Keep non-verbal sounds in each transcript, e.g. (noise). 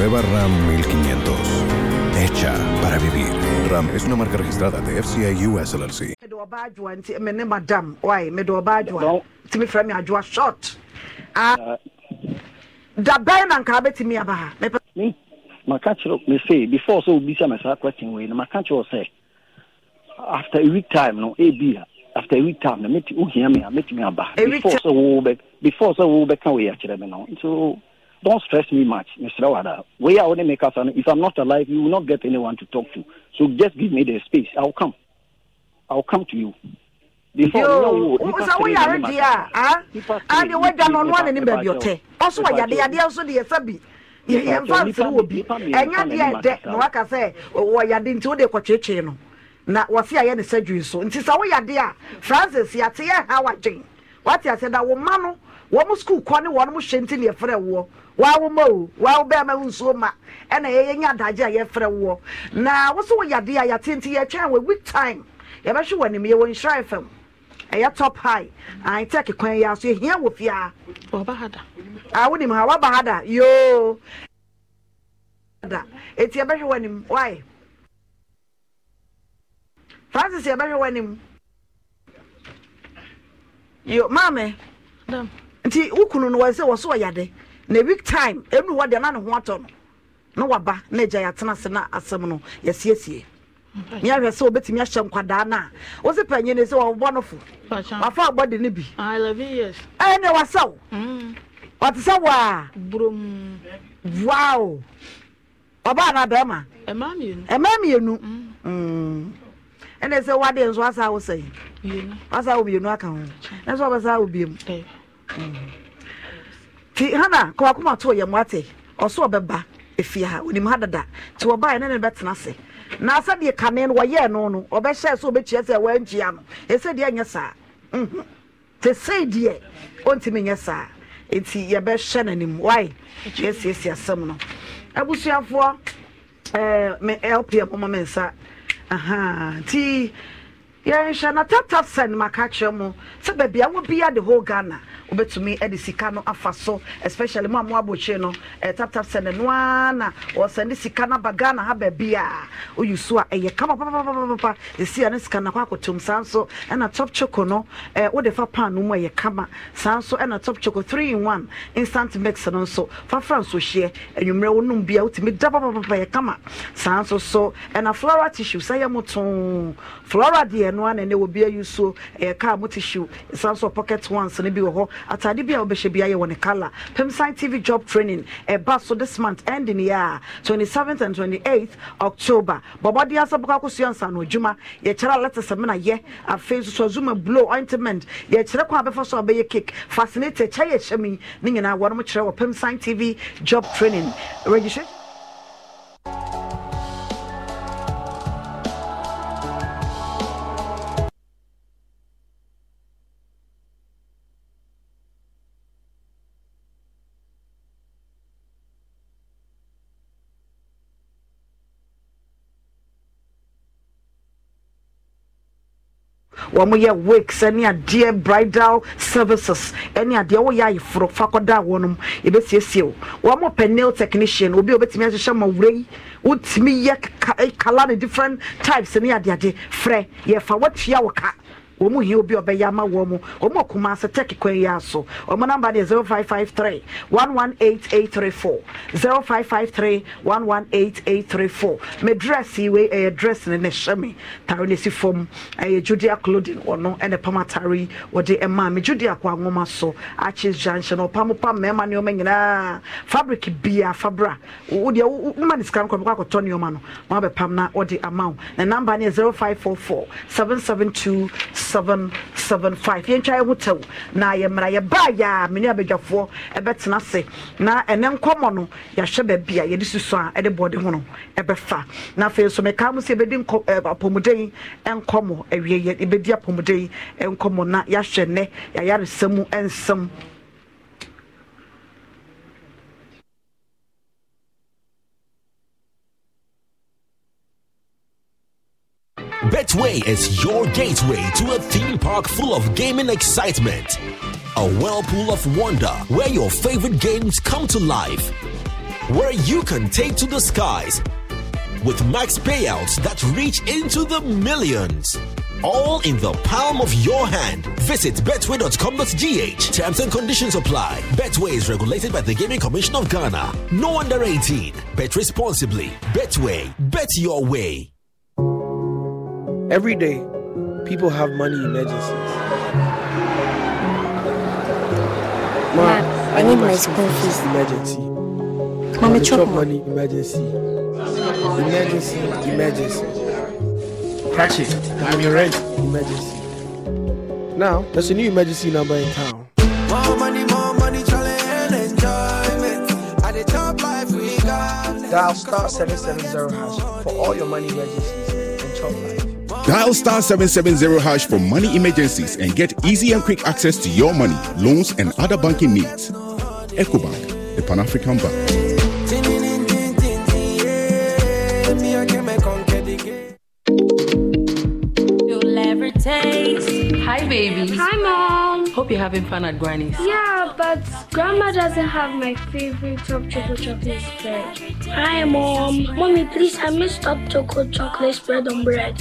Nueva RAM 1500. Hecha para vivir. RAM es una marca registrada de FCA US LLC. before question after a week time no after a week time me before no don't stress me much, Mr. Wada. We are only makers, and if I'm not alive, you will not get anyone to talk to. So just give me the space. I'll come. I'll come to you. Before Yo, no, so we are ready, ah? And ah, the way down on one in baby hotel. Also, I had the also the Sabi. yɛmfa nsere wɔ bi ɛnyɛ deɛ ɛdɛ na waka sɛ wɔyɛ ade nti wode kɔkyeekyee no na wɔse ayɛ ne sɛ dwui so nti sɛ woyɛ ade a francis yɛate yɛ ha wagyen wate asɛ da wo ma no wɔn mo sukuu kɔ ne wɔn mo hyɛ nti na yɛfrɛ woɔ wɔawo ma o wɔawo bɛɛ ma nsuo ma ɛna yɛyɛ nyɛ adagye a yɛfrɛ woɔ na woso wɔ yadeɛ a yɛate nti yɛtwɛn wɔ week time yɛbɛhwɛ wɔ anim yɛwɔ nhyira fam ɛyɛ top high an tɛk kwan yi aso ehia wɔ fia. ɔba ha da. a wonim ha waba ha da yoo. da eti yɛbɛhwɛ wɔ anim waaye. francis yɛbɛhwɛ wɔ anim. yo maame. nti wokunu no wɔsɛ wɔ so ya dị na week time ɛnu hɔ deɛ na ne ho atɔ no na waba na agya yɛatena ase na asɛm no yɛsiesie meahwɛ sɛ wobɛtumi ahyɛ nkwadaa na a wo na. ne sɛ wɔbɔ no fo abɔ de bi ɔte mm. sɛ a ɔbaa mm. mm. sɛ nso aka ho nti hana kɔwakoma to yɛ moate ɔso ɔbɛba efie ha onim ha dada nti ɔbaeɛ ne ne bɛtena ase na sɛdeɛ kane no wɔyɛɛ no no ɔbɛhyɛɛ sɛ ɔbɛkyia sɛ wɔankyia no ɛsɛ deɛ nyɛ saa mhm. te sei deɛ ɔntumi nyɛ saa nti yɛbɛhyɛ n'anim wae yɛsiesie asɛm no abusuafoɔ ɛɛ eh, me lpm ɔma me nsa tii. yɛnhyɛ na tatap sɛn maka kyerɛ mu sɛ baabi a wobia the whole ghana wobɛtumi de sika no afa so especially mu a mo abɔkyire no eh, tatap sɛn no a na wɔsɛne sika no aba ghana ha baabi a woyi so a ɛyɛ kama papapapapa ɛsia ne sika no akɔ akɔtom saa nso ɛna top choco no eh, wode fa pan no mu ɛyɛ kama saa nso ɛna top choco 3 in 1 instant mix no nso fafra nso hyeɛ anwummerɛ wo nom bia wotumi da papapapa ɛyɛ kama saa nso so ɛna flora tissue sɛ yɛ motoo flora deɛ ɛno ana ne obi ayi so ɛyɛ kaa mo te hyew san so pocket ones no bi wɔ hɔ atade bi a wobɛhyɛ bi ayɛ wɔ ne colour pemsan tv job training ɛba so this month ending yɛ a 27 and 28th october bɔbɔde asɛ bɔkɔ akɔsua nsano adwuma yɛkyerɛ alɛte sɛ mena yɛ afei so azuma blow ointment yɛkyerɛ kɔ abɛfa so abɛyɛ cake fascinator kyɛ yɛhyɛ me ne nyinaa wɔnom kyerɛ wɔ pemsan tv job training registration wɔn yɛ wigs ɛne adeɛ bridal services ɛne adeɛ wɔyɛ ayeforo fakɔda wɔn ebesiesie o wɔn pɛ nail technician obi a obetumi ahyehyɛ ma wura yi wotumi yɛ kala eh, ne different types ɛne adeade frɛ yɛfa wɔtua wɔ ka. wɔn hia obi ɔbɛyɛ ama wɔn wɔn ɔkuma ase tɛk kwan yi aso wɔn namba deɛ zero five five three one one eight eight three four zero five five three one one eight eight three four mɛ dress yi wei ɛyɛ eh, dress ne eh, ne hyɛ mi tare ne si fam ɛyɛ judea clothing ɔno ɛna pam atare yi wɔde ɛmaa mi judea kɔ anwoma so akyi junction ɔpam pam mɛɛma nneɛma nyinaa fabric bia fabra wo deɛ wo ma ne sika nkɔmɔ kɔ akɔtɔ nneɛma no wɔn abɛpam na wɔde ama wo na namba ne zero five four four seven seven two. seven seven five yɛntwa ɛho tɛw na yɛmmra yɛbaa yɛ a mene abadwafoɔ ɛbɛtena se na ɛnɛ nkɔmmɔ no yɛahwɛ baabi a yɛde a ɛde bɔɔde ho no ɛbɛfa na afei nso meka mo sɛ yɛbɛdi apɔmuden nkɔmmɔ awie yɛ yɛbɛdi apɔmuden nkɔmmɔ na yɛahwɛ nnɛ yɛayaresɛ mu nsɛm Betway is your gateway to a theme park full of gaming excitement, a whirlpool of wonder where your favorite games come to life, where you can take to the skies with max payouts that reach into the millions. All in the palm of your hand. Visit betway.com.gh. Terms and conditions apply. Betway is regulated by the Gaming Commission of Ghana. No under 18. Bet responsibly. Betway. Bet your way. Every day, people have money emergencies. Mom, I need my school fees. Emergency. Mommy, chop, chop money. Emergency. Emergency. Emergency. Catch it. I'm your rent. Emergency. Now, there's a new emergency number in town. More money, more money, Dial star 770 hash for all your money emergencies and chop life. Dial star 770 hash for money emergencies and get easy and quick access to your money, loans, and other banking needs. EcoBank, the Pan African Bank. Hi, babies. Hi, mom. Hope you're having fun at Granny's. Yeah, but Grandma doesn't have my favorite top chocolate chocolate spread. Hi, mom. Mommy, please, help me stop chocolate chocolate spread on bread.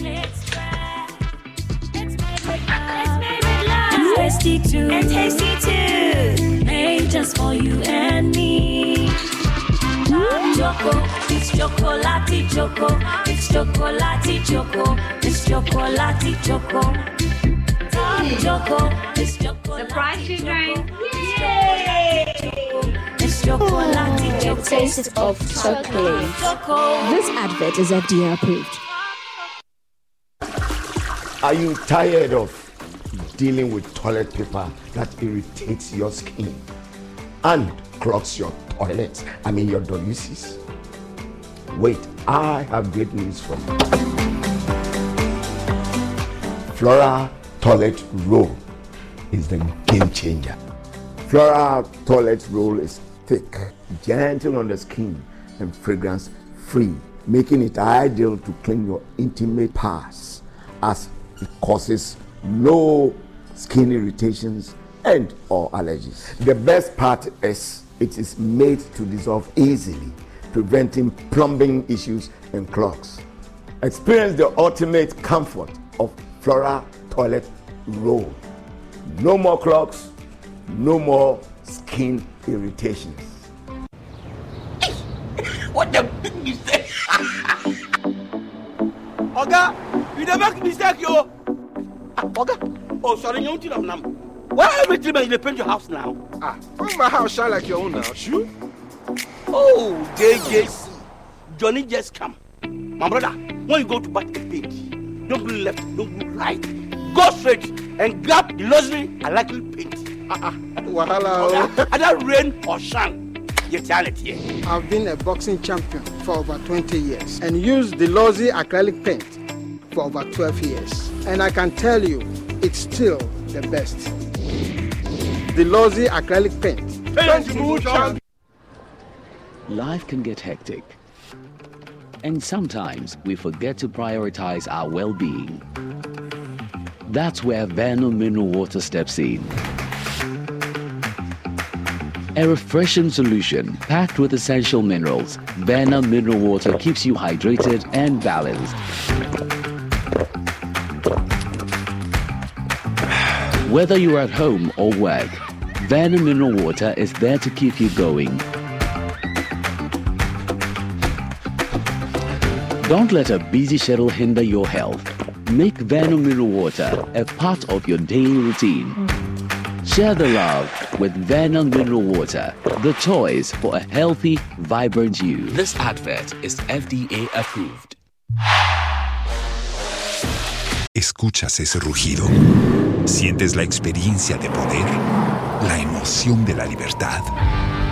tasty too. And tasty too. Made just for you and me. Choco, it's chocolati choco, it's chocolati choco, it's chocolati choco. Choco, it's chocolati. Surprise children! Yay! It's chocolati choco. Taste of chocolate. chocolate. This advert is FDA approved. Are you tired of dealing with toilet paper that irritates your skin and clogs your toilets, I mean your doluses. Wait, I have great news for you. Flora Toilet Roll is the game changer. Flora Toilet Roll is thick, gentle on the skin, and fragrance free, making it ideal to clean your intimate parts as it causes no skin irritations, and or allergies. The best part is it is made to dissolve easily, preventing plumbing issues and clogs. Experience the ultimate comfort of Flora Toilet Roll. No more clogs, no more skin irritations. (coughs) what the big (laughs) mistake? Oga, you don't make mistake, yo. Oga, Oh, sorry, you don't nam. Why every three months you paint your house now? Ah, my house shine like your own now. shoot. Oh, JJC. Johnny just come. My brother, when you go to buy the paint, don't go left, don't go right. Go straight and grab the luxury I like you paint. Ah, ah. Wahala. Either oh. rain or shine. I've been a boxing champion for over 20 years and used the Lozi acrylic paint for over 12 years. And I can tell you, it's still the best. The Lozzy acrylic paint. Life can get hectic. And sometimes we forget to prioritize our well being. That's where Vano Mineral Water steps in. A refreshing solution packed with essential minerals, Vana Mineral Water keeps you hydrated and balanced. Whether you're at home or work, Vernon Mineral Water is there to keep you going. Don't let a busy schedule hinder your health. Make Vernon Mineral Water a part of your daily routine. Share the love with Vernon Mineral Water, the choice for a healthy, vibrant you. This advert is FDA approved. ¿Escuchas ese rugido? ¿Sientes la experiencia de poder? ¿La emoción de la libertad?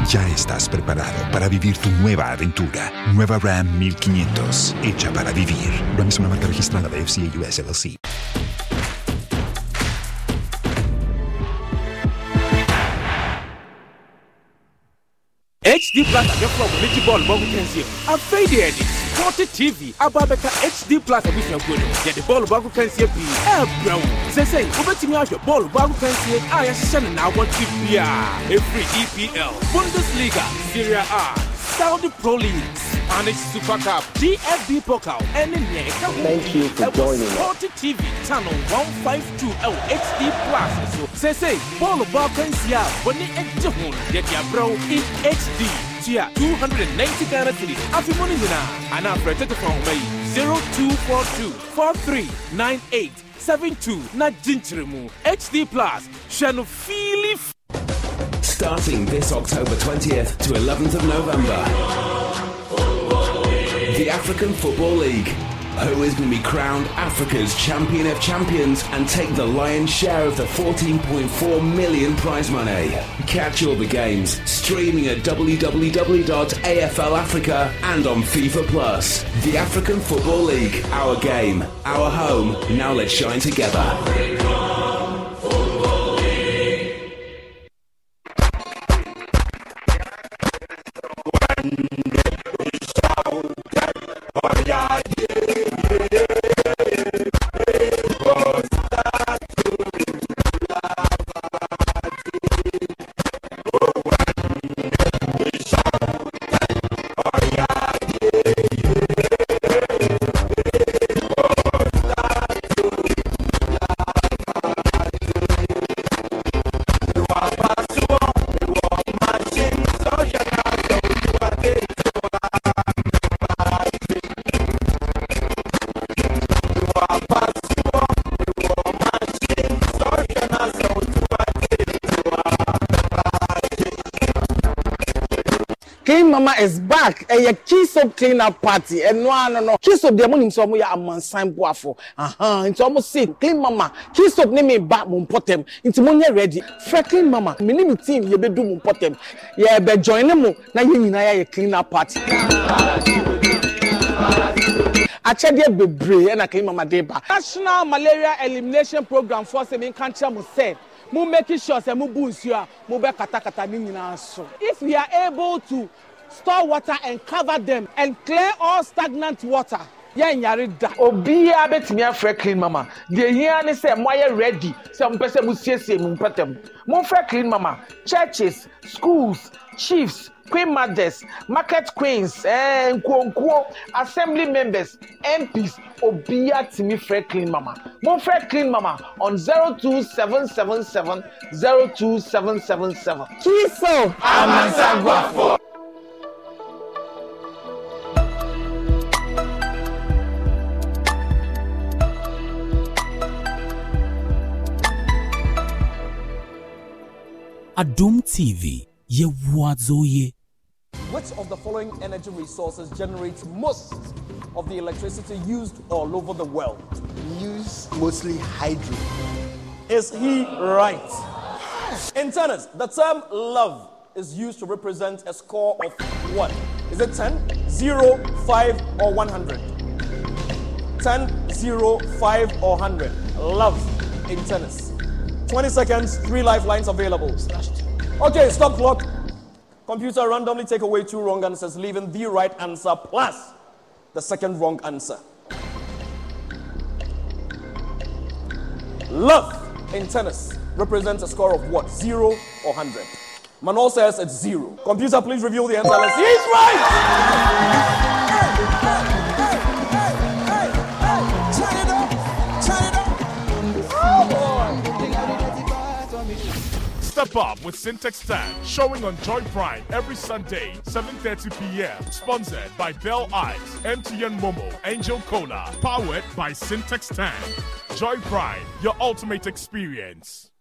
Ya estás preparado para vivir tu nueva aventura. Nueva Ram 1500, hecha para vivir. Ram es una marca registrada de FCA US LLC. HD 40 TV aba abɛka HD plus abusuakuo no yɛde bɔɔlo baako kanseɛ pii ɛɛbrɛ wo sɛsɛi wobɛtumi ahwɛ bɔɔlo baako kanseɛ a yɛhyehyɛ no naawɔtwe biaa ɛfiri EPL Bundesliga Syria, A Saudi Pro League Spanish Super Cup, DFB Pokal, and in here, Thank you for joining us. TV, channel 152 HD Plus. So Sensei, Bolo Bob Kensia, Boni get Yetia Bro in HD. Chia 290 Ghana City, Afimoni Nina, and our protected phone by 0242 4398 72 na Jinchirimu HD Plus Shanofili. Starting this October 20th to 11th of November, the African Football League who is going to be crowned Africa's Champion of Champions and take the lion's share of the 14.4 million prize money. Catch all the games streaming at www.aflafrica and on FIFA Plus. The African Football League, our game, our home. Now let's shine together. ɛyɛ kisop clean up party ɛno ano no kisop deɛ mo nim sɛ ɔmo yɛ amansan boafo ahan nti ɔmo si clean mama kisop ne mi ba mo mpɔtɛm nti mo nyɛ ready fɛ clean mama mi ne mi team yɛ bɛ du mo mpɔtɛm yɛ bɛ join ne mo na yɛ nyinaa yɛ clean up party. akyɛdeɛ bebree ɛna clean mama de ba. national malaria elimination program fɔ sɛ mi nka nkyɛn mo sɛ mo make sure sɛ mo bu nsuo a mo bɛ katakata ne nyinaa so if we are able to store water and cover them and clear all stagnant water. yẹn yàrá da. obiara bẹtumi afrẹ clean mama deɛ hia ni sɛ mo ayɛ ready sɛ mo pɛ sɛ mo siesie mo mpɛtɛm mo fɛ clean mama churches schools chiefs queen mothers market queens eh, nkuonkuo assembly members mps obiara tìmí fẹ́ clean mama mo fẹ́ clean mama on zero two seven seven seven zero two seven seven seven. kí so. amansagbafo. Adum TV, Yewuazoye. Which of the following energy resources generates most of the electricity used all over the world? Use mostly hydro. Is he right? In tennis, the term love is used to represent a score of what? Is it 10, 0, 5, or 100? 10, 0, 5, or 100. Love in tennis. 20 seconds, three lifelines available. Okay, stop clock. Computer randomly take away two wrong answers, leaving the right answer plus the second wrong answer. Love in tennis represents a score of what? Zero or 100? Manol says it's zero. Computer, please reveal the answer. He's right! Step up with Syntax 10, showing on Joy Prime every Sunday, 7.30 p.m. Sponsored by Bell Eyes, MTN Momo, Angel Cola. Powered by Syntax 10. Joy Prime, your ultimate experience.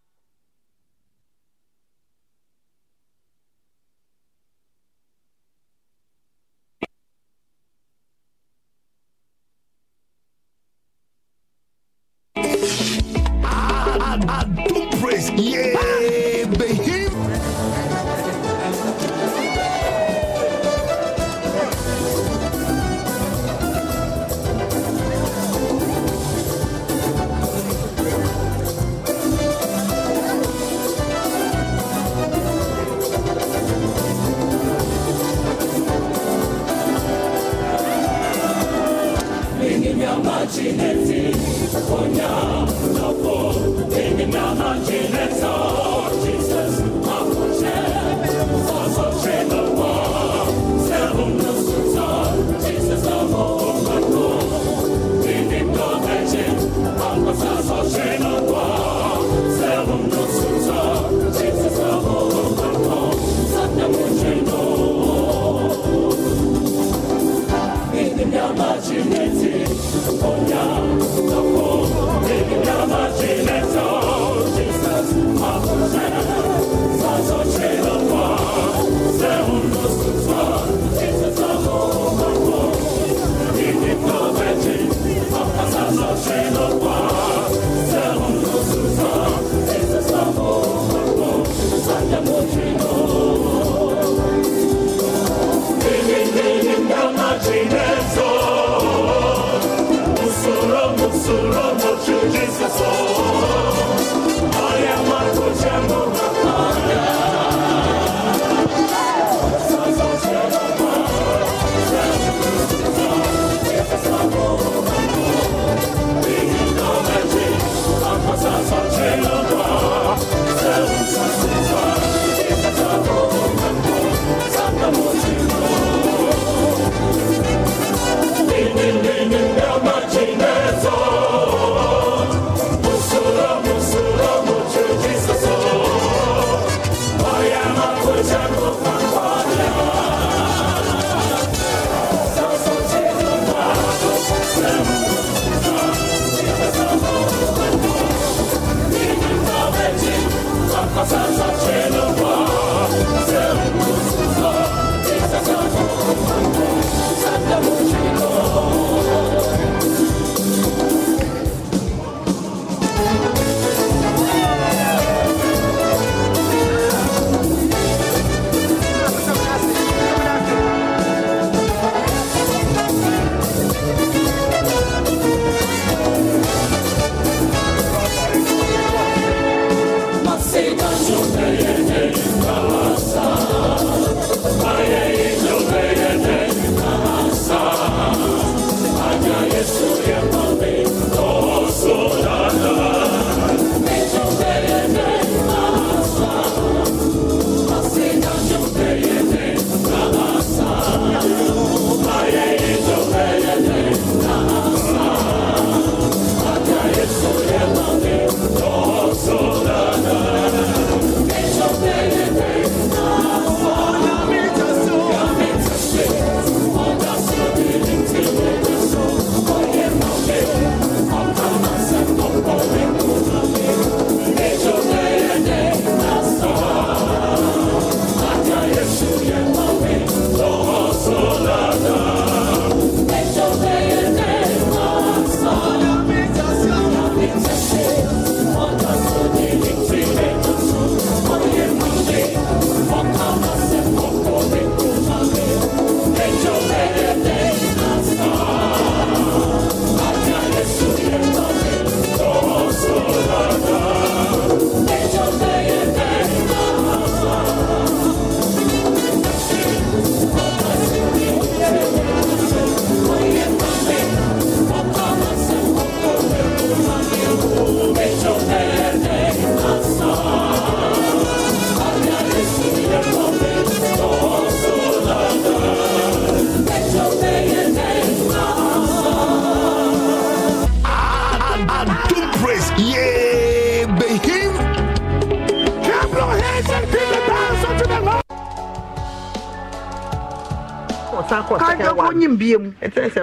Masasa Chelo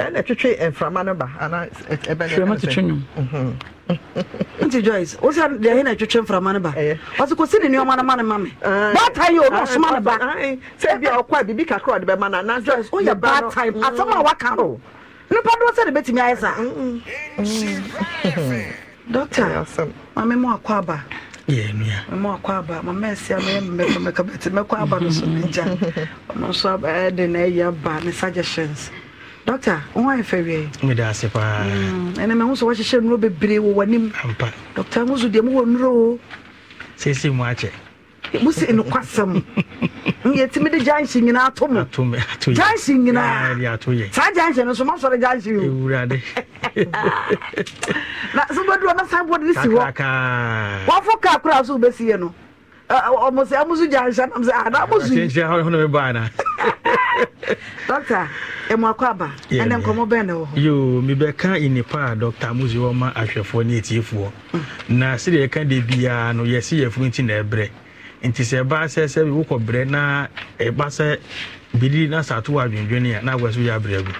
ɛna twetwe mframa no ba anaɛbɛframa tetwe nwom nti joyce wo sɛ deɛ he na ɛtwetwe mframa no ba ɔse kɔsi ne nneɔma no ma no ma me baatae yɛ obi ɔsoma no ba sɛ bia ɔkɔ a biribi kakra ɔde bɛma no ana joyce woyɛ baatae mm. asɛm a waka no nipa doɔ sɛ de bɛtumi ayɛ saa dɔkta mame mu akɔ aba mma akɔ aba mama ɛsi amɛyɛ mmɛkɔ mɛkɔ aba no so ne gya (laughs) ɔno nso ɛde na ɛyɛ aba ne suggestions doctor wọn ayɛ fɛ wie. mi da ase paa. ɛnna mɛ ahosuo wahyehyɛ nnuro bebree wɔ w'anim. ampa. doctor ahosuo deɛ mo wɔ nnuro o. seese mu akyɛ. mo se nukwasɛm yɛtumi de jansi nyinaa ato mu jansi nyinaa saa jansi no so ma jansi o ewurade (laughs) na so bɛ duro na san bɔ de si hɔ wafɔ kaa kura so bɛ si yɛ no ɔmo sɛ ɔmo so jansi anam sɛ ada mo so yi. dɔkta. ɛmu akɔ aba ɛnɛ nkɔmɔ bɛn na wɔ hɔ. yoo mibɛka nipa a dɔkta amusu wɔn ma ahwɛfoɔ ne etiefoɔ na sɛdeɛ yɛka de bia no yɛsi yɛfunu ti na ɛbrɛ nti sɛ ɛba sɛ sɛ bi wokɔ brɛ na ɛba e sɛ bidi na sato wɔ adwendwene na awɔ so yɛ abrɛ gu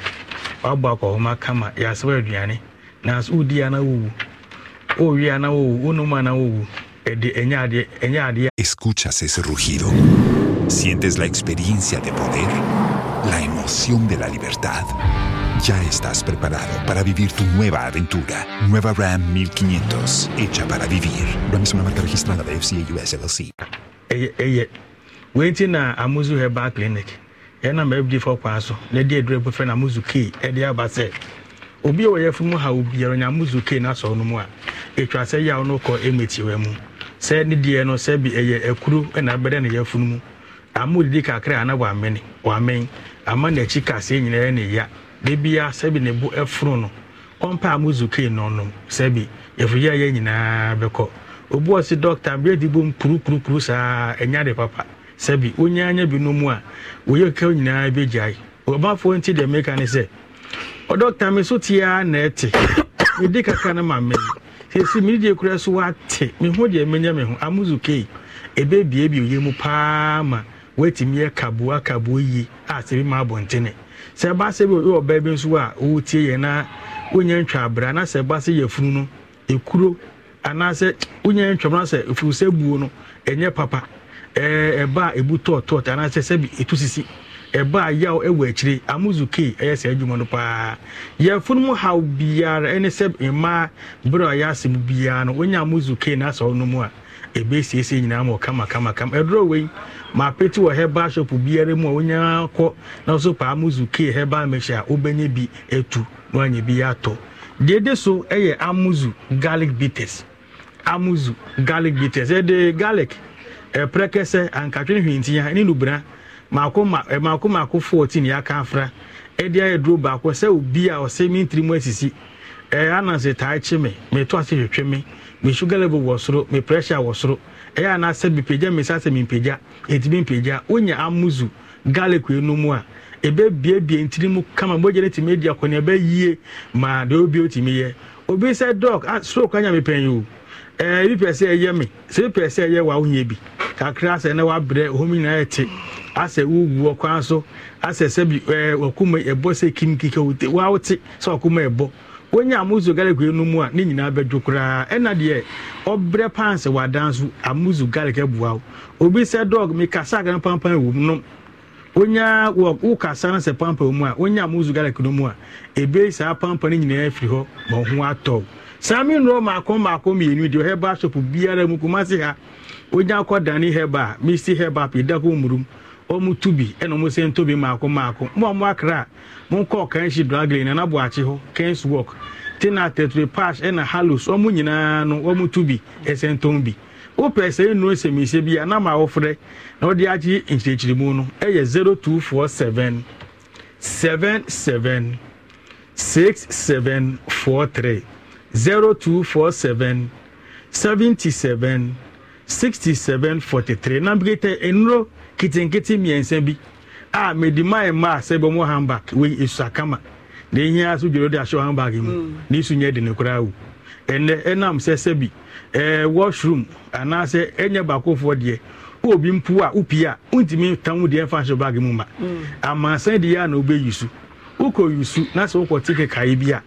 wabɔ akɔhoma kama yɛasɛw aduane na wodi a na wowu owi a na wowu wonom a na wowu ɛde e ɛnyɛ e adeɛ ɛnyɛ adeɛ. escuchas ese rugido sientes la experiencia de poder pasión de la libertad. Ya estás preparado para vivir tu nueva aventura. Nueva Ram 1500, hecha para vivir. Ram es una marca registrada de FCA US LLC. Eye, eye. Wait a uh, Amuzu Herbal Clinic. en mɛbdi fɔ kwan so na di aduro bɛfrɛ no amuzu kei ɛde aba sɛ obi a wɔyɛ funu ha obiara nya amuzu kei n'asɔrɔ no mu a etwa se ya no kɔ emetiwa mu Se ni deɛ no se bi ɛyɛ ekuru ɛna abɛdɛ ne funu mu amu didi kakra a na wamene wamene. ama n'akyi kaseɛ nyinaa ne ya bebia sɛbi ne bo ɛforo no ɔmpa a mo zukee no ɔnom sɛbi yɛfuyɛ yɛ nyinaa bɛkɔ obu ɔsi dɔkta bia di bom kurukuru saa ɛnya de papa sɛbi onyaanya bi no mu a oyɛ kaw nyinaa bɛgyae ɔbafoɔ nti deɛ meka ne sɛ ɔdɔkta me so tia na ɛte mede kaka no ma me sɛsi mene deɛ kura so wate me ho deɛ menya me ho amozu kei ɛbɛbie bi oyɛ mu paa ma wɔatumi yɛ kaboa kaboa yie a sɛ bi ma abɔntene sɛ ɛba sɛ bi wɔ ɔbaa bi nso a ɔretie yɛn na wonya ntwa abira na sɛ ɛba sɛ yɛfunu no ekuro anaasɛ wonya ntwa mu na sɛ efuru buo no ɛnyɛ papa ɛɛ ɛba a ebu tɔɔtɔɔ anaasɛ sɛbi etu sisi ɛbaa yaw ɛwɔ akyire amuzu kee ɛyɛ saa adwuma no paa yɛfunu mu haw biara ɛne sɛ mmaa bere a yɛasɛm biara no wonya amuzu kee na asɔw no mu a ɛbɛsiesie nyinaa kama kama ɛdorɔ wei maapeti wɔ heba shop biara mu a wonyaa kɔ na so paa muzu kee heba mehyɛ a wobɛnya bi atu na wanyɛ bi yɛatɔ deede so ɛyɛ amuzu garlic bitters amuzu garlic bitters ɛde garlic ɛprɛ kɛsɛ ankatwe hwintia ne nubra maako maako maako 14 yɛaka afra ɛde ayɛ duro baako sɛ obi a ɔsɛ mentiri mu asisi ɛyɛ anansi taa akyi mi mi to ase hwehwɛ mi mi sugar level soro mi pressure wɔ soro ɛyɛ mi pagya mi mi pagya amuzu garlic wei a ebe ntiri mu kama edi akɔni ebe yie ma de obi o tìmi yɛ obi sɛ a stroke anya mi pɛn yi o ɛɛ eh, ebi pɛ sɛ ɛyɛ mi sɛ ebi pɛ sɛ ɛyɛ wa bi kakra asɛ na yɛ asɛ wugu ɔkwan so asɛ sɛbi ɛɛ eh, ɔkuma ɛbɔ sɛ wa wonya amuzu garlic no mu a ne nyinaa bɛdwo koraa ɛna deɛ ɔbrɛ pants wadan so amuzu garlic abua wo obi sɛ dog mekasa aga no pampan wɔ mu no wonya wo kasa no sɛ pampa wɔ mu a wonya amuzu garlic no mu a ɛbɛi saa pampa no nyinaa afiri hɔ ma wo atɔ saa nnuro maako maako mmienu deɛ ɔhɛba shop biara mu kumase ha wonya akɔ dane hɛba a mesi hɛba pɛ da kɔ mmurum ɔmu tu bi ɛna ɔmu sɛ ntobi maako maako mu a mu akra mu nkɔ kɛnsi draglin na nabɔ akyi hɔ kɛnsi wɔk tena tɛtire paas ɛna halos ɔmu nyinaa no ɔmu tu bi ɛsɛ ntɔn bi wopɛ sɛ nnuro nsɛmìsɛ bi a nam na wɔfrɛ na wɔde agye nkyirikyirimu no ɛyɛ zero two four seven seven seven six seven four three zero two four seven seventy seven sixty seven forty three na mbikita nnuro. nketenkete mmiɛnsa bi a a sɛ bɛmɔ handbag wei ɛsua kama na ɛhia so dwere de ahyɛ handbag mu mm. na ɛsu nyɛ de ne koraa o ɛnɛ ɛnam sɛ sɛbi ɛɛ eh, washroom anaasɛ ɛnyɛ baakofoɔ deɛ obi mpu a upi a ntumi tam deɛ ahyɛ bag mu ma mm. amansan deɛ a na wokɔ yi na sɛ wokɔ bi a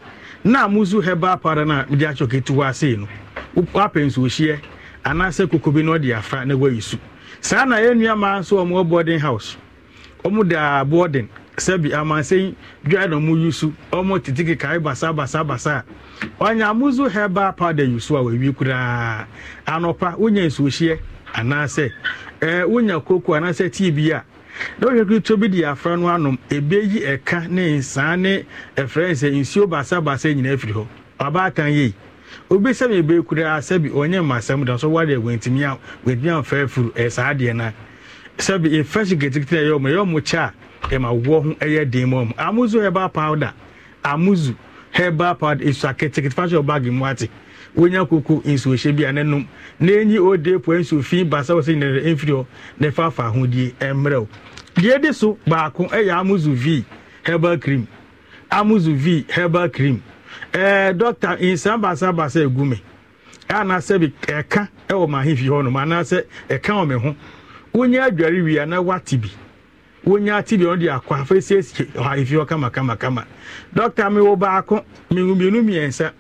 na herbal powder akyɛ ketewa no wapɛ anaasɛ koko bi na ɔde afa na saa na yɛn nnuama nso wɔn wɔ boarding house wɔn da boarding sɛbi amansan dwa na wɔn yusu wɔn tete kekae basa basa basa ɔnyamuzu herbal powder yusu a wɔawi koraa anɔpa wonya nsuohyeɛ anaasɛ ɛɛ wonya koko anaasɛ tii bi a na wɔhwɛ kutuo bi de afra no anom yi ɛka ne nsa ne ɛfrɛ nsɛ nsuo basa basa nyinaa firi hɔ ɔbaatan yie. obi sɛbi ebe kura sɛbi ɔnyɛ mu asɛm da so wade wɛntumi a wɛntumi a fɛɛ furu ɛyɛ saa na sɛbi efa si ketekete a ɛyɛ ɔmo ɛyɛ ɔmo kyɛ a ɛma wɔ ho ɛyɛ den mu ɔmo amuzu herbal powder amuzu herbal powder esu aketekete fa so ɔbaagi mu ate wonya koko nsuo hyɛ bi a n'anum n'enyi ode po nsuo fi basa wɔsɛ nyinaa efiri hɔ n'efa afa ahodie ɛmmerɛw deɛ di so baako ɛyɛ amuzu v herbal cream amuzu v herbal cream. ɛɛ eh, dɔkta nsa baasa baasa egu mi eh, anaasɛ bi ɛka eh, ɛwɔ maa hin fi hɔ nom anaasɛ ɛka wɔn ho wonye adware wia na wate bi wonye ate bi ɔde akɔ afɛ siesie ɔha efi hɔ kamakamakama dɔkta mi wɔ baako mmienu mmienu mmiɛnsa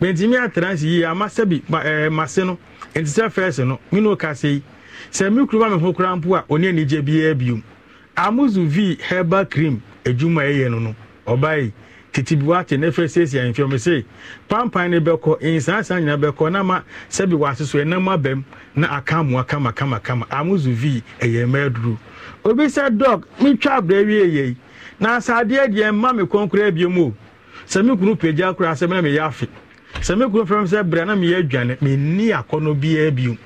bɛntumi atrans yie ama sɛ bi ma ɛɛ mase no nti sɛ no mi no kasa yi sɛ mi kuro ma mi ho kura mpo a ɔne anigye biara biom amuzu v herbal cream adwuma ɛyɛ no no ɔbaa yi. titi bi wakye ne fɛ siesie ahemfie ɔmo se pampan ne bɛkɔ nsaasaa nyinaa bɛkɔ na ma sɛbi wase so ɛnam abɛm na akamu mua kama kama kama amuzu vi ɛyɛ mɛ duro obi sɛ dɔg mi twa abirɛ wie yɛ yi na asaadeɛ deɛ mma mi kɔnkura ebien mu o sɛ mi kunu pagya kura asɛm na mi yɛ afe sɛ kunu fɛm sɛ brɛ na mi yɛ aduane mi ni akɔnɔ biara biom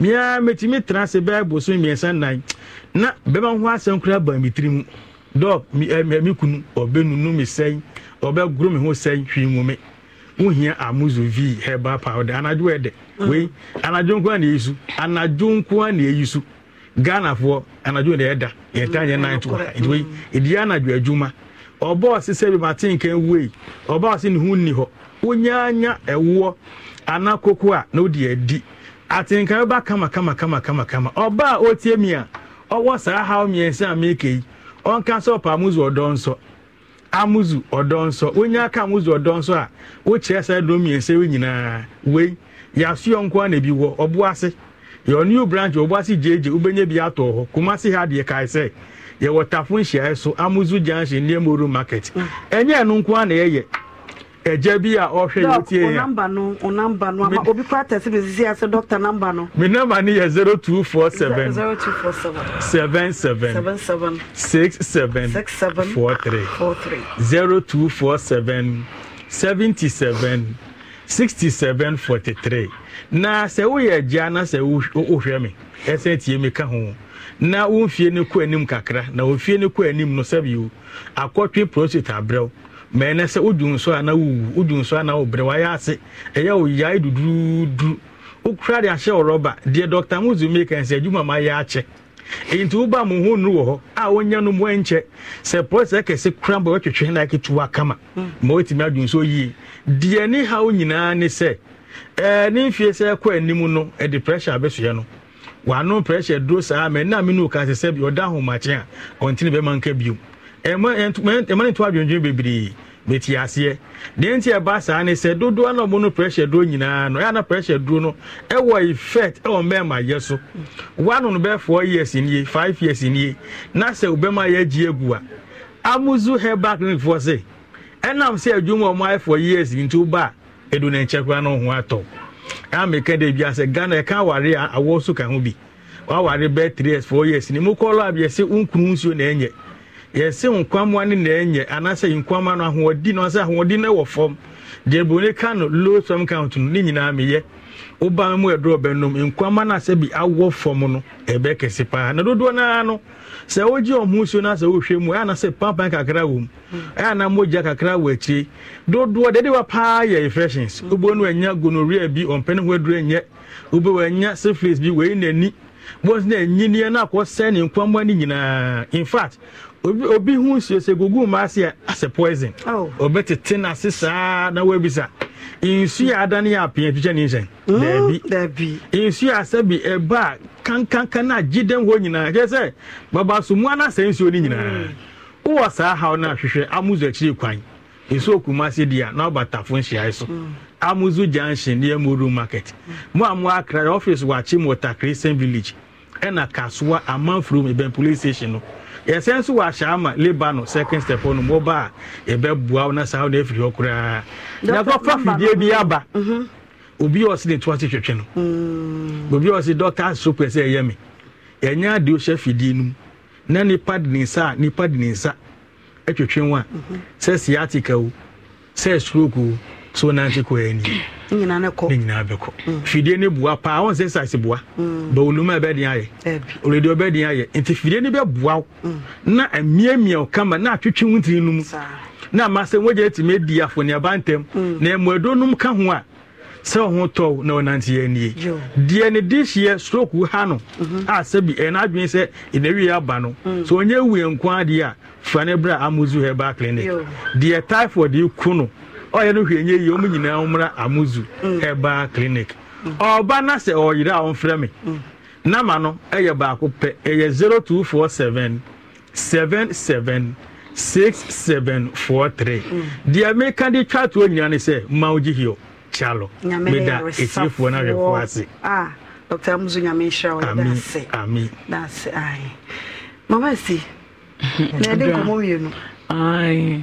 mia mɛtumi tena ase bɛɛ boso mmiɛnsa nan na bɛma ho asɛm kura ban mi tiri mu. dɔb mi ɛ mi kunu ɔbɛ nunu mi sɛn ɔbɛ goro mi ho sɛn hwi nwome wohia amuzu vii herbal powder anadwo ɛdɛ mm. wei anadwo nkoa na eyisu anadwo nkoa na eyisu ghanafoɔ anadwo na ɛda mm. yɛn ta yɛn nan to ha nti wei edi mm. anadwo adwuma ɔbɔɔsi sɛbi mate nkɛn wei ɔbɔɔsi ne ho ni hɔ wonyaanya ɛwoɔ ana koko a na odi adi atenkan ba kama kama kama kama kama ɔbaa otie mi a ɔwɔ saa ha mmiɛnsa a meka yi. ɔnka sɛ ɔpɛ amuzu ɔdɔ amuzu ɔdɔ nsɔ onye aka amuzu ɔdɔ a wokyerɛ sɛ dɔm mmiɛnsa yi nyinaa wei yasuo nkoa bi ebi wɔ ɔbo ase yɛ new branch ɔbo ase gyegye wobɛnya bi atɔ hɔ kumasi ha deɛ kae sɛ yɛwɔ tafo nhyiaeɛ so amuzu junction near moro market mm. ɛnyɛ ɛno nkoa na ɛgya bi a ɔhwɛ yi otie yɛ. ɔnamba no ɔnamba no ama obi kura tɛsi mi sisi ase dɔkta namba no. mi namba ni yɛ zero two four seven. zero two four seven. seven seven. seven seven. six seven. six seven. four three. four three. zero two four seven seventy seven sixty seven forty three na sɛ woyɛ gya na sɛ wohwɛ mi ɛsɛ tie mi ka ho na wofie ne kɔ anim kakra na wofie ne kɔ anim no sɛbi o akɔtwe prostate abrɛw mɛnɛ sɛ wodwu nso ana wowu wodwu nso ana wobrɛ wayɛ ase ɛyɛ wo yae duduruduru wokura de ahyɛ ɔrɔba deɛ dɔkta muzu meka sɛ adwuma ma yɛ akyɛ ɛyi nti woba mo ho wɔ hɔ a wonya no mu ankyɛ sɛ pɔsɛ kɛse kora bɔ wɔtwetwe na aketewa kama ma wotumi adwu nso yie deɛ ne haw nyinaa ne sɛ ɛɛ ne mfie sɛ ɛkɔ anim no ɛde pressure abɛsoɛ no wano pressure duro saa mɛ na mene woka sɛ sɛ ɔda ahomakye a ɔntene bɛma nka bio ɛma ne to adwendwen bebree meti aseɛ deɛ nti ɛba saa ne sɛ dodoɔ na ɔmo no pressure duro nyinaa no ɛyɛ na pressure duro no ɛwɔ effect ɛwɔ mɛɛma yɛ so wano no bɛɛ four years nie five years nie na sɛ obɛma yɛ gye egu a amuzu herbal clinic foɔ se ɛnam sɛ adwuma ɔmo ayɛ four years nti o ba edu ne nkyɛn kura na ɔho atɔ ameka de bi asɛ ghana ɛka aware a awɔ so ka ho bi waware bɛɛ three years four years ne mu kɔlɔ abiyɛ sɛ nkunu nsuo na ɛnyɛ. yɛsɛ nkwammoa no na enye anase nkwammoa no ahoɔdi no sɛ ahoɔdi no wɔ fam deɛ buroni ka no low sum count no ne nyinaa meyɛ woba mu ɛdorɔ bɛnom na no bi awɔ fam no ɛbɛ kɛse paa na dodoɔ noa no sɛ wogye ɔmo suo no asɛ wohwɛ mu ɛana sɛ kakra wɔ mu kakra wɔ akyire dodoɔ deɛ de wa paa yɛ bi ho aduro bi na ɛnyiniɛ no ne no obi hu sie sɛ gugu mu ase asɛ poison ɔbɛtete oh. n'ase saa na wabisa nsu a ada ne yɛ apea twitwa ne nhyɛn hmm, daabi nsu a asɛbi ɛba a kankankan a gye dɛm hɔ nyinaa kyerɛ sɛ babasomu anasɛ nsuo no nyinaa hmm. wowɔ saa haw no ahwehwɛ amuzu akyiri kwan nsu okuma ase di a na ɔba tafo nhyiae so hmm. amuzu junction near moru market mu a mu akra office wɔ akyem wɔ takre village ɛna kasoa amanfuru mu ibɛn police station no. yɛsɛ nso wɔ ahyɛ ama labour second step no mu ɔba a yɛbɛboa wo na saa wo na afiri hɔ koraa na kɔfa fidie bi aba mhm. obi a ɔse ne to ase twɛtwɛ no mm. obi a ɔse doctor so sɛ ɛyɛ me ɛnyɛ ade ɔhyɛ fidie no mu na nipa de ne nsa a nipa de ne nsa atwɛtwɛ wo a mhm. sɛ sciatica o sɛ stroke o so nante kɔ ani ne nyinaa bɛkɔ mm. fidie ne bua paa wɔn nsɛ nsase bua mm. bawoluma bɛden ayɛ oledi ɔbɛden ayɛ nti fidie ne bɛboa wo mm. na amiamia o kama na atwitwi wo no mu na amasɛ wogya atumi adi afɔneaba ntɛm na mmuadonom ka ho a sɛ ɔho tɔw na ɔnante yɛ nie deɛ ne de hyeɛ stroke ha no mhm. a sɛbi ɛna adwene sɛ ɛnawie aba no so ɔnyɛ wuɛ nko adeɛ a fa ne berɛ a amozu herbal clinic deɛ typhoid ku no ɔyɛ no hwɛ nye yi ɔmo nyinaa ɔmra amuzu ɛba mm. clinic ɔba na sɛ ɔyere a ɔmfrɛ me mm. nama no ɛyɛ baako pɛ ɛyɛ zero two four seven seven seven six seven four three mm. deɛ meka de twa toɔ nyinaa ne sɛ mma wo gye hio kyalo meda ɛtiefoɔ no awɛfoɔ ase ah, dr musu nyame nhyira wo dase dase ai mama si na ɛde nkɔmmɔ mmienu ai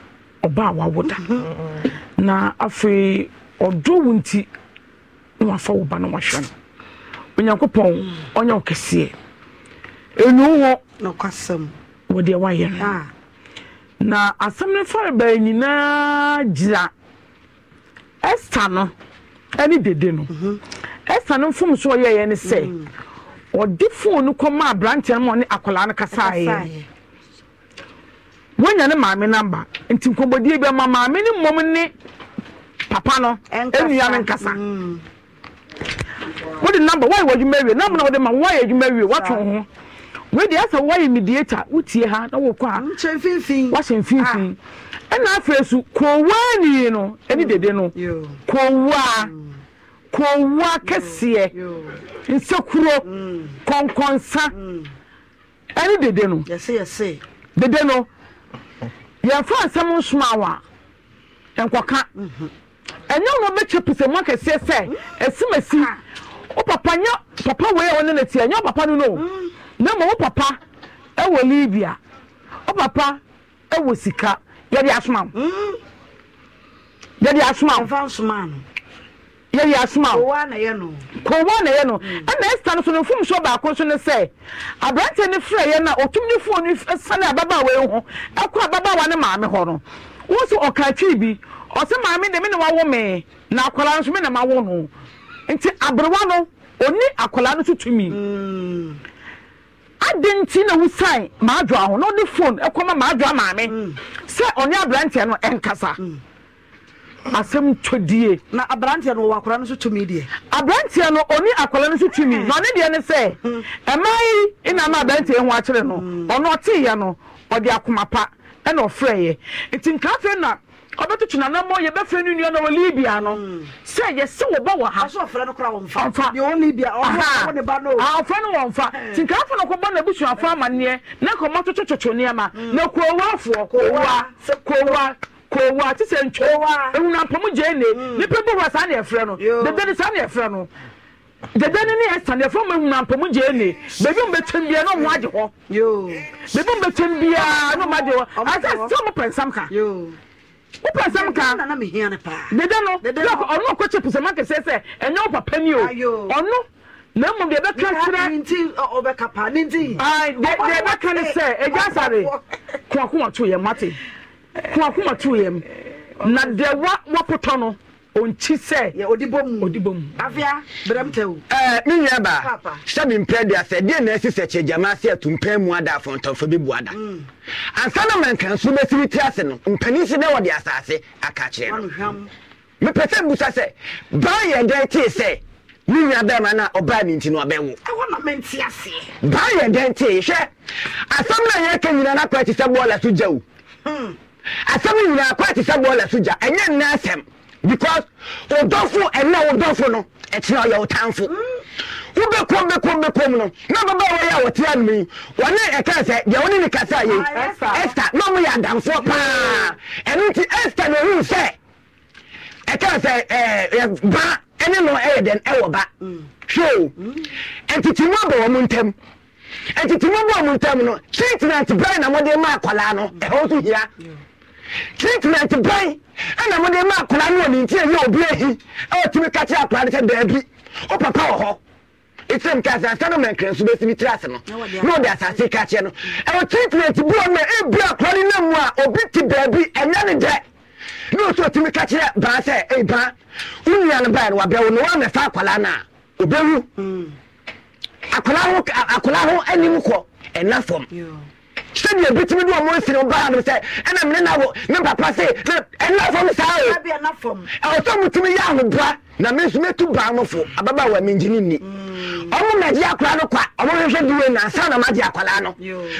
ɔbaa wawo da na afei ɔdɔ wo nti na wafa wo ba na wahwɛ no onyankopɔn ɔnyɛ wo kɛseɛ ɛnu hɔ nokwasɛm wɔdeɛ wayɛ no ah. na asɛm no fare nyinaa gyina ɛsta no ɛne dede no mhm. ɛsta no mfom so ɔyɛeɛ ne sɛ mm. ɔde fon no kɔma aberanteɛ no ma ɔne akwalaa no kasaeɛ wonya ne maame namba nti nkɔmmɔdie bi ama maame ne mmom ne papa no nnua no nkasa mm. wode namba nkasa w'adwuma awie namba na wode ma woayɛ adwuma awie woato ho wede asɛ woayɛ mediata wotie ha na wokɔ a wahyɛ na ɛna afei so kowaani no ɛne dede no kowaa kowa kɛseɛ nsekuro kɔnkɔnsa ɛne dede no dede no yɛmfa asɛm nsoma wa nkɔka ɛnyɛ wɔn bɛkyɛ pusɛmu akɛseɛ sɛ esimesi wo papa nyɛ papa wei a wɔne ne tie nyɛ papa no no na ma wo papa ɛwɔ libya wo papa ɛwɔ sika yɛde asoma mo mm. yɛde asoma mo yɛyɛ asoma kowa na yɛ no ɛna ɛsta no so no mfomsoɔ baako so no sɛ aberanteɛ no frɛ yɛ na ɔtum ne foɔ no sane ababaawa yi ho ɛkɔ ababaawa ne maame hɔ no wɔn so ɔka twi bi ɔsɛ maame de me na wawo me na akwaraa nso me na mawo no nti aberewa no oni akwaraa no so tumi adi nti na wusan maadwa ho na ɔde fon ɛkɔ ma maadwa maame mm. sɛ ɔne aberanteɛ no ɛnkasa. Mm. asɛm todie na aberanteɛ no wɔ akwaraa no so tumi deɛ aberanteɛ no ɔne akwaraa no so tumi hmm. na ɔne deɛ ne sɛ ɛmaa yi na ama aberanteɛ ho akyerɛ no hmm. ɔno ɔteeɛ no ɔde akoma pa ɛna ɔfrɛeɛ nti nkrafe na ɔbɛtoto nanamɔ yɛbɛfrɛ no nua na wɔ libia no hmm. sɛ yɛsɛ wɔba wɔ ha ɔfrɛ no wɔmfa nti nkraafo no kɔbɔ no abusuafo amanneɛ na kɔmɔtotototo nneɛma na kurowafoɔ kowa kowa kowa ti sɛ ntwo ehunampɔmu gye ne mm. nipa bi wɔ saa na yɛfrɛ no dede ne saa na yɛfrɛ no dede ne ne yɛ sa na yɛfrɛ mu ehunampɔmu gye ne beebi mu betwem bia na ɔmo agye hɔ beebi mu betwem bia na ɔmo agye hɔ asɛ sɛ ɔmo pɛ nsam ka wopɛ nsɛm ka dede no ɔno ɔkɔ kyɛ pusama kɛseɛ sɛ ɛnyɛ wo papa o ɔno na mmom deɛ ɛbɛka kyerɛ deɛ ɛbɛka ne sɛ agya asare koako wɔto yɛ mate ko akoma tu yam na deɛ wa wapotɔ no onkyi sɛ ɔdi bom ɔdi bom afia brɛm tɛ o ɛɛ eh, mi nyɛ ba sɛbi mpɛ de asɛ deɛ na ɛsi sɛ kyɛ gyama ase ɛtu mpɛn mu ada afɔntɔnfɔ bi bu ada mm. ansa na mɛnkan so bɛsiri ti ase no mpanyin si dɛ wɔde asase aka kyerɛ no mepɛ sɛ busa sɛ baa yɛ dɛn tee sɛ ne nua bɛrima no a ɔbaa ne nti no ɔbɛwo baa yɛ dɛn tee hwɛ asɛm na yɛka nyina no akora te sɛ bɔɔla so gya o asɛm nyinaa kɔ ate sɛ bɔɔla so gya ɛnyɛ nna asɛm because wodɔfo ɛnna wodɔfo no ɛkyerɛ ɔyɛ wo tamfo wobɛkom bɛkom bɛkom no na bɛba wɔyɛ a wɔte anom yi wɔne ɛka sɛ deɛ wone ne kasa yei ɛsta ah, na ɔmo yɛ adamfoɔ paa ɛno nti ɛsta na ɛhu sɛ ɛka sɛ ba ɛne no ɛyɛ dɛn ɛwɔ ba hwɛ o ɛntete mu aba wɔ mo ntam ɛntete mu aba wɔ mo ntam no treatment bɛn na mode ma akwadaa no ɛhɔ so hia treatment bɛn ɛna mo de ma akwadaa no wɔ ne obi ehi ɛwɔ tumi no beebi o papa wɔ hɔ kaasa nso bɛsi bi tiri ase no na ɔde asase no ɛwɔ treatment ebi no nam a obi ti beebi ɛnyɛ ne dɛ na o so tumi kakyɛ baa sɛ ɛyi no wabɛ na wɔn akwadaa no a obewu mm. fam. sɛdeɛ bɛtumi ne ɔmo nsiri ɔbaa no sɛ ɛna mene na ne papa se ɛna fam saa o ɛwɔ sɛ motumi yɛ ahoboa na me nso mɛtu baa no fo ababa wɔ mengyene nni mm. ɔmo magye akora no kwa ɔmo hwehwɛ duwe nansa na magye akwaraa no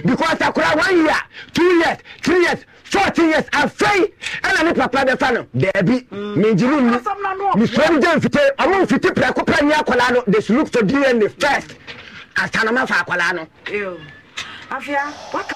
because akora one year two years three years fourteen years afei ɛna ne papa bɛfa no daabi mm. mengyene nni mesuro no gya mfite ɔmo mfite prɛko pɛ ne akwaraa no they should look for dna first ansa na mafa akwaraa no afia waka